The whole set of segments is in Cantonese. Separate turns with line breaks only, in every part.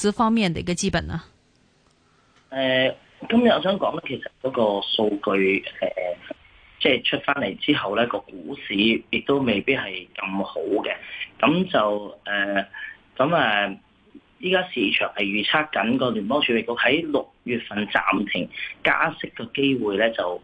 資方面，人哋嘅資本啊，
誒，今日我想講咧，其實嗰個數據誒，即、呃、係、就是、出翻嚟之後咧，個股市亦都未必係咁好嘅，咁就誒，咁、呃、啊，依家市場係預測緊個聯邦儲備局喺六月份暫停加息嘅機會咧，就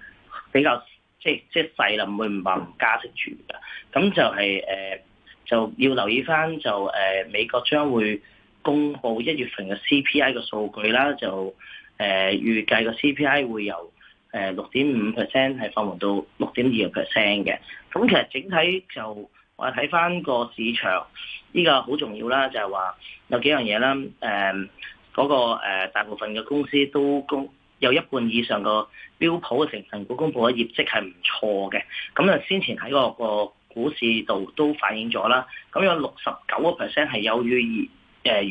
比較即係即係細啦，唔會唔話唔加息住噶，咁就係、是、誒、呃，就要留意翻就誒、呃，美國將會。公布一月份嘅 CPI 嘅數據啦，就誒、呃、預計個 CPI 會由誒六點五 percent 係放緩到六點二個 percent 嘅。咁、嗯、其實整體就我睇翻個市場，呢個好重要啦，就係、是、話有幾樣嘢啦。誒、嗯、嗰、那個大部分嘅公司都公有一半以上個標普嘅成份股公佈嘅業績係唔錯嘅。咁、嗯、啊，先前喺、那個那個股市度都反映咗啦。咁有六十九個 percent 係優於誒預、呃、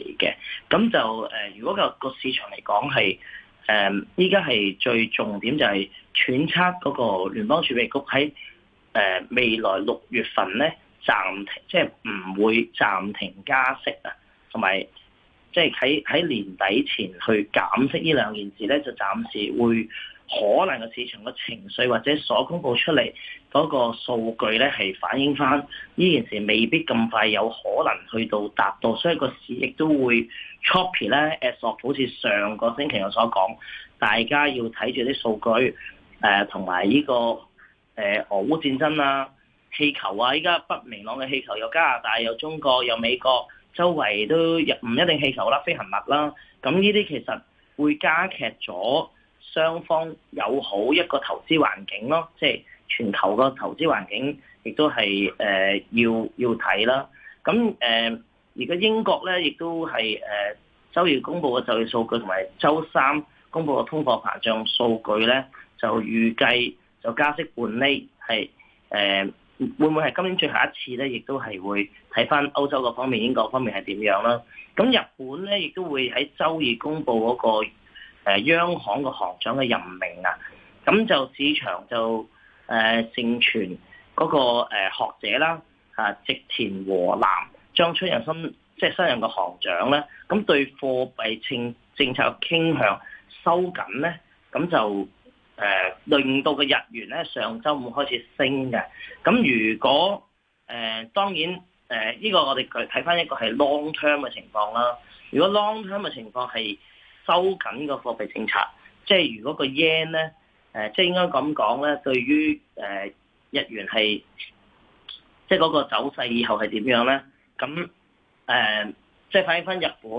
期嘅，咁就誒、呃，如果個個市場嚟講係誒，依家係最重點就係揣測嗰個聯邦儲備局喺誒、呃、未來六月份咧暫停，即係唔會暫停加息啊，同埋即係喺喺年底前去減息呢兩件事咧，就暫時會。可能嘅市場嘅情緒或者所公佈出嚟嗰個數據咧，係反映翻呢件事未必咁快有可能去到達到，所以個市亦都會 choppy 咧。As of 好似上個星期我所講，大家要睇住啲數據，誒同埋呢個誒、呃、俄烏戰爭啦、啊，氣球啊，依家不明朗嘅氣球，有加拿大、有中國、有美國，周圍都唔一定氣球啦、飛行物啦，咁呢啲其實會加劇咗。雙方友好一個投資環境咯，即、就、係、是、全球個投資環境亦都係誒、呃、要要睇啦。咁誒而家英國咧，亦都係誒、呃、週二公佈嘅就業數據同埋週三公佈嘅通貨膨脹數據咧，就預計就加息半厘，係誒、呃、會唔會係今年最後一次咧？亦都係會睇翻歐洲個方面、英國方面係點樣啦。咁日本咧，亦都會喺週二公佈嗰、那個。誒央行個行長嘅任命啊，咁就市場就誒盛、呃、傳嗰個誒學者啦，啊植田和男將出任新即係新任嘅行長咧，咁對貨幣政政策嘅傾向收緊咧，咁就誒、呃、令到嘅日元咧上週五開始升嘅，咁如果誒、呃、當然誒呢、呃這個我哋睇翻一個係 long term 嘅情況啦，如果 long term 嘅情況係。收緊個貨幣政策，即係如果個 yen 咧，誒、呃，即係應該咁講咧，對於誒、呃、日元係，即係嗰個走勢以後係點樣咧？咁誒、呃，即係反映翻日本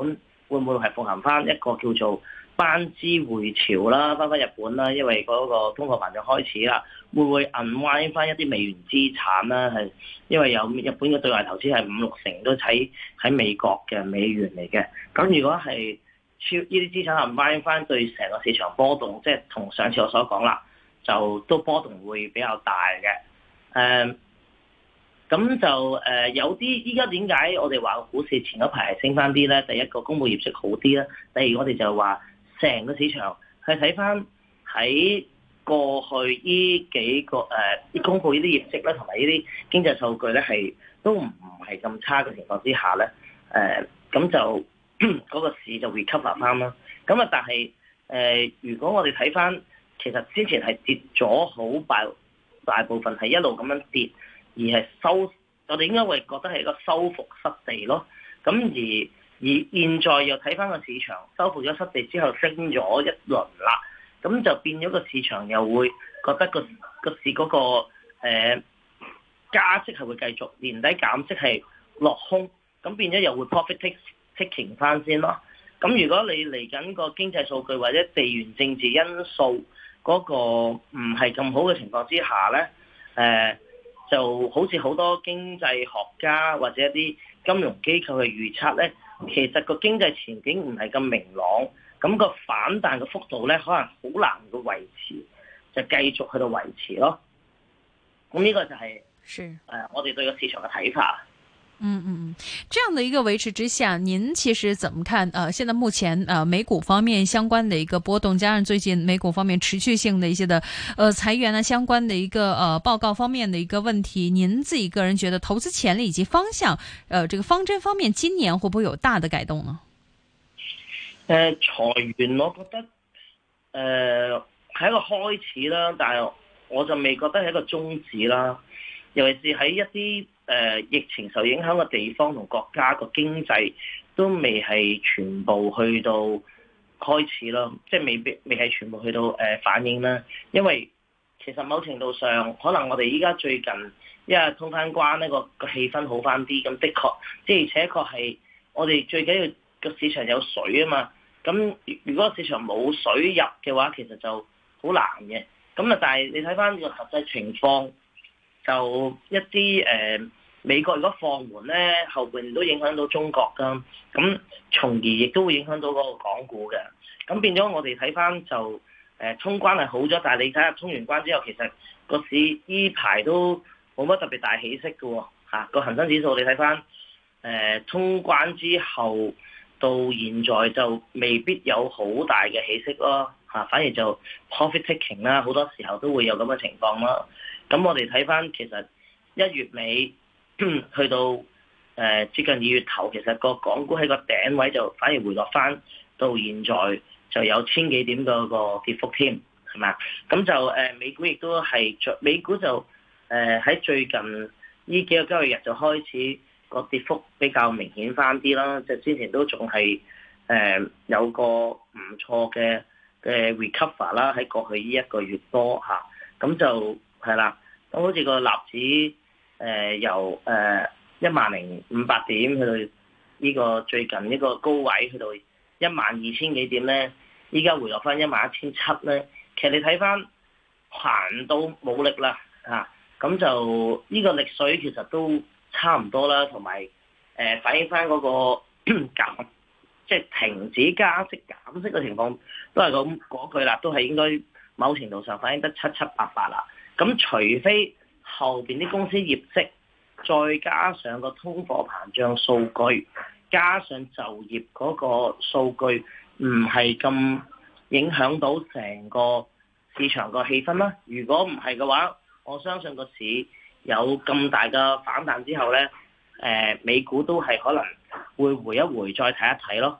會唔會係復行翻一個叫做班資回潮啦？翻翻日本啦，因為嗰個通貨膨脹開始啦，會唔會銀歪翻一啲美元資產啦？係因為有日本嘅對外投資係五六成都喺喺美國嘅美元嚟嘅，咁如果係。超呢啲資產係買翻，對成個市場波動，即係同上次我所講啦，就都波動會比較大嘅。誒、嗯，咁就誒、呃、有啲依家點解我哋話個股市前一排升翻啲咧？第一個公佈業績好啲啦，第二我哋就話成個市場去睇翻喺過去呢幾個誒、呃、公佈呢啲業績咧，同埋呢啲經濟數據咧，係都唔係咁差嘅情況之下咧，誒、呃、咁就。嗰、 那個市就會吸納翻啦。咁啊，但係誒、呃，如果我哋睇翻，其實之前係跌咗好大，大部分係一路咁樣跌，而係收，我哋應該會覺得係一個收復失地咯。咁而而現在又睇翻個市場，收復咗失地之後升咗一輪啦。咁就變咗個市場又會覺得個個市嗰，那個、呃、加息係會繼續，年底減息係落空，咁變咗又會 profit take 即傾翻先咯，咁如果你嚟緊個經濟數據或者地緣政治因素嗰個唔係咁好嘅情況之下咧，誒、呃，就好似好多經濟學家或者一啲金融機構嘅預測咧，其實個經濟前景唔係咁明朗，咁、那個反彈嘅幅度咧，可能好難嘅維持，就繼續去到維持咯。咁呢個就係、是、誒是、呃，我哋對個市場嘅睇法。
嗯嗯嗯，這樣的一個維持之下，您其實怎麼看？呃，現在目前，呃，美股方面相關的一個波動，加上最近美股方面持續性的一些的，呃，裁員呢、啊、相關的一個，呃，報告方面的一個問題，您自己個人覺得投資潛力以及方向，呃，這個方針方面，今年會不會有大的改動呢？呃，
裁員我覺得，呃，係一個開始啦，但係我就未覺得係一個終止啦，尤其是喺一啲。誒、呃、疫情受影響嘅地方同國家個經濟都未係全部去到開始咯，即係未必未係全部去到誒、呃、反應啦。因為其實某程度上，可能我哋依家最近因為通翻關呢個個氣氛好翻啲，咁的確即係而且確係我哋最緊要個市場有水啊嘛。咁如果市場冇水入嘅話，其實就好難嘅。咁啊，但係你睇翻個實際情況。就一啲誒、呃、美國如果放緩咧，後邊都影響到中國㗎，咁從而亦都會影響到嗰個港股嘅。咁變咗我哋睇翻就誒通、呃、關係好咗，但係你睇下通完關之後，其實個市依排都冇乜特別大起色嘅喎，嚇、啊、個恆生指數你睇翻誒通關之後到現在就未必有好大嘅起色咯，嚇、啊、反而就 profit taking 啦，好多時候都會有咁嘅情況咯。咁我哋睇翻，其實一月尾去到誒接、呃、近二月頭，其實個港股喺個頂位就反而回落翻，到現在就有千幾點嗰個跌幅添，係咪？咁就誒、呃、美股亦都係，最美股就誒喺、呃、最近呢幾個交易日就開始個跌幅比較明顯翻啲啦。即、就、係、是、之前都仲係誒有個唔錯嘅嘅 recover 啦，喺過去呢一個月多嚇，咁、啊、就係啦。咁好似個納指，誒、呃、由誒一萬零五百點去到呢個最近呢個高位去到一萬二千幾點咧，依家回落翻一萬一千七咧，其實你睇翻行到冇力啦，嚇、啊、咁就呢個力水其實都差唔多啦，同埋誒反映翻嗰、那個減，即 係、就是、停止加息減息嘅情況都係咁嗰句啦，都係應該某程度上反映得七七八八啦。咁除非後邊啲公司業績，再加上個通貨膨脹數據，加上就業嗰個數據唔係咁影響到成個市場個氣氛啦。如果唔係嘅話，我相信個市有咁大嘅反彈之後咧，誒美股都係可能會回一回，再睇一睇咯。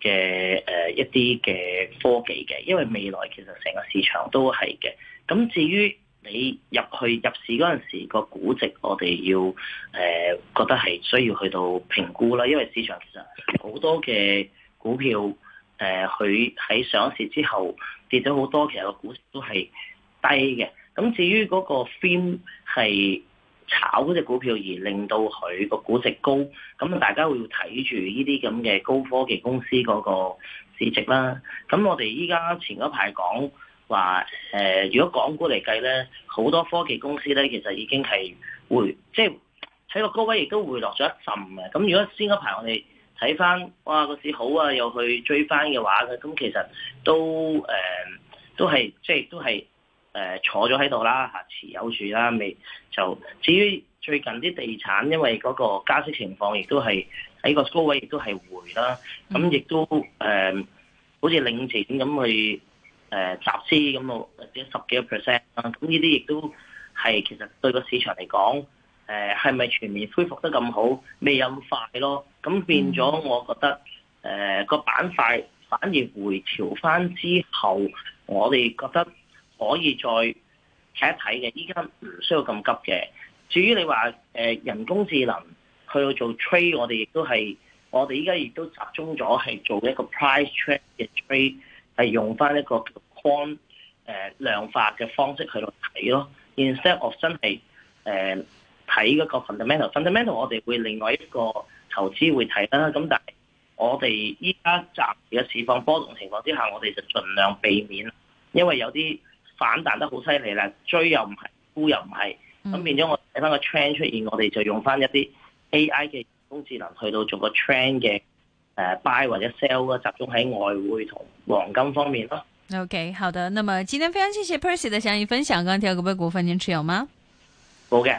嘅誒一啲嘅科技嘅，因為未來其實成個市場都係嘅。咁至於你入去入市嗰陣時、嗰個估值我，我哋要誒覺得係需要去到評估啦。因為市場其實好多嘅股票誒，佢、呃、喺上市之後跌咗好多，其實股個股都係低嘅。咁至於嗰個 theme 係。炒嗰隻股票而令到佢個股值高，咁大家會睇住呢啲咁嘅高科技公司嗰個市值啦。咁我哋依家前一排講話，誒、呃、如果港股嚟計咧，好多科技公司咧其實已經係回，即係喺個高位亦都回落咗一,一陣嘅。咁如果先一排我哋睇翻，哇個市好啊，又去追翻嘅話嘅，咁其實都誒、呃、都係即係都係。誒、呃、坐咗喺度啦，嚇持有住啦，未就至於最近啲地產，因為嗰個加息情況亦都係喺個高位亦都係回啦，咁亦都誒、呃、好似領錢咁去誒、呃、集資咁啊，或者十幾個 percent 啦，咁呢啲亦都係其實對個市場嚟講，誒係咪全面恢復得咁好？未咁快咯，咁變咗，我覺得誒、呃、個板塊反而回調返之後，我哋覺得。可以再睇一睇嘅，依家唔需要咁急嘅。至於你話誒、呃、人工智能，佢去做 trade，我哋亦都係，我哋依家亦都集中咗係做一個 price track 嘅 trade，係 tr 用翻一個 con 誒、呃、量化嘅方式去嚟睇咯。Instead of、呃、 我真係誒睇嗰個 fundamental，fundamental 我哋會另外一個投資會睇啦。咁但係我哋依家暫時嘅市況波動情況之下，我哋就盡量避免，因為有啲。反彈得好犀利啦，追又唔係，沽又唔係，咁、嗯、變咗我睇翻個 trend 出現，我哋就用翻一啲 AI 嘅人工智能去到做個 trend 嘅誒、呃、buy 或者 sell 咯，集中喺外匯同黃金方面咯。
OK，好的，那麼今天非常謝謝 Percy 的詳細分享。剛剛有個咩股份您持有嗎？
冇嘅。